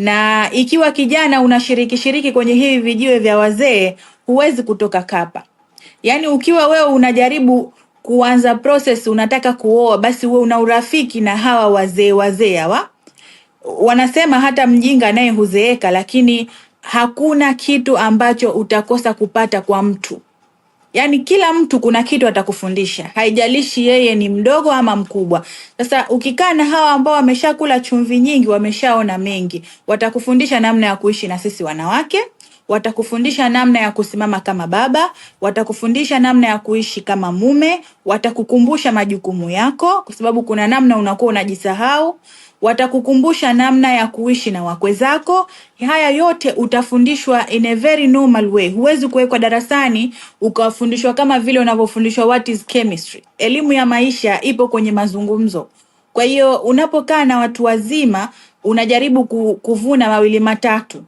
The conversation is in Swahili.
na ikiwa kijana unashiriki shiriki kwenye hivi vijiwe vya wazee huwezi kutoka kapa. Yaani ukiwa wewe unajaribu kuanza process, unataka kuoa, basi wewe una urafiki na hawa wazee wazee hawa. Wanasema hata mjinga naye huzeeka, lakini hakuna kitu ambacho utakosa kupata kwa mtu. Yaani kila mtu kuna kitu atakufundisha, haijalishi yeye ni mdogo ama mkubwa. Sasa ukikaa na hawa ambao wameshakula chumvi nyingi, wameshaona mengi, watakufundisha namna ya kuishi na sisi wanawake watakufundisha namna ya kusimama kama baba, watakufundisha namna ya kuishi kama mume, watakukumbusha majukumu yako, kwa sababu kuna namna unakuwa unajisahau, watakukumbusha namna ya kuishi na wakwe zako. Haya yote utafundishwa in a very normal way. Huwezi kuwekwa darasani ukawafundishwa kama vile unavyofundishwa what is chemistry. Elimu ya maisha ipo kwenye mazungumzo. Kwa hiyo unapokaa na watu wazima unajaribu kuvuna mawili matatu.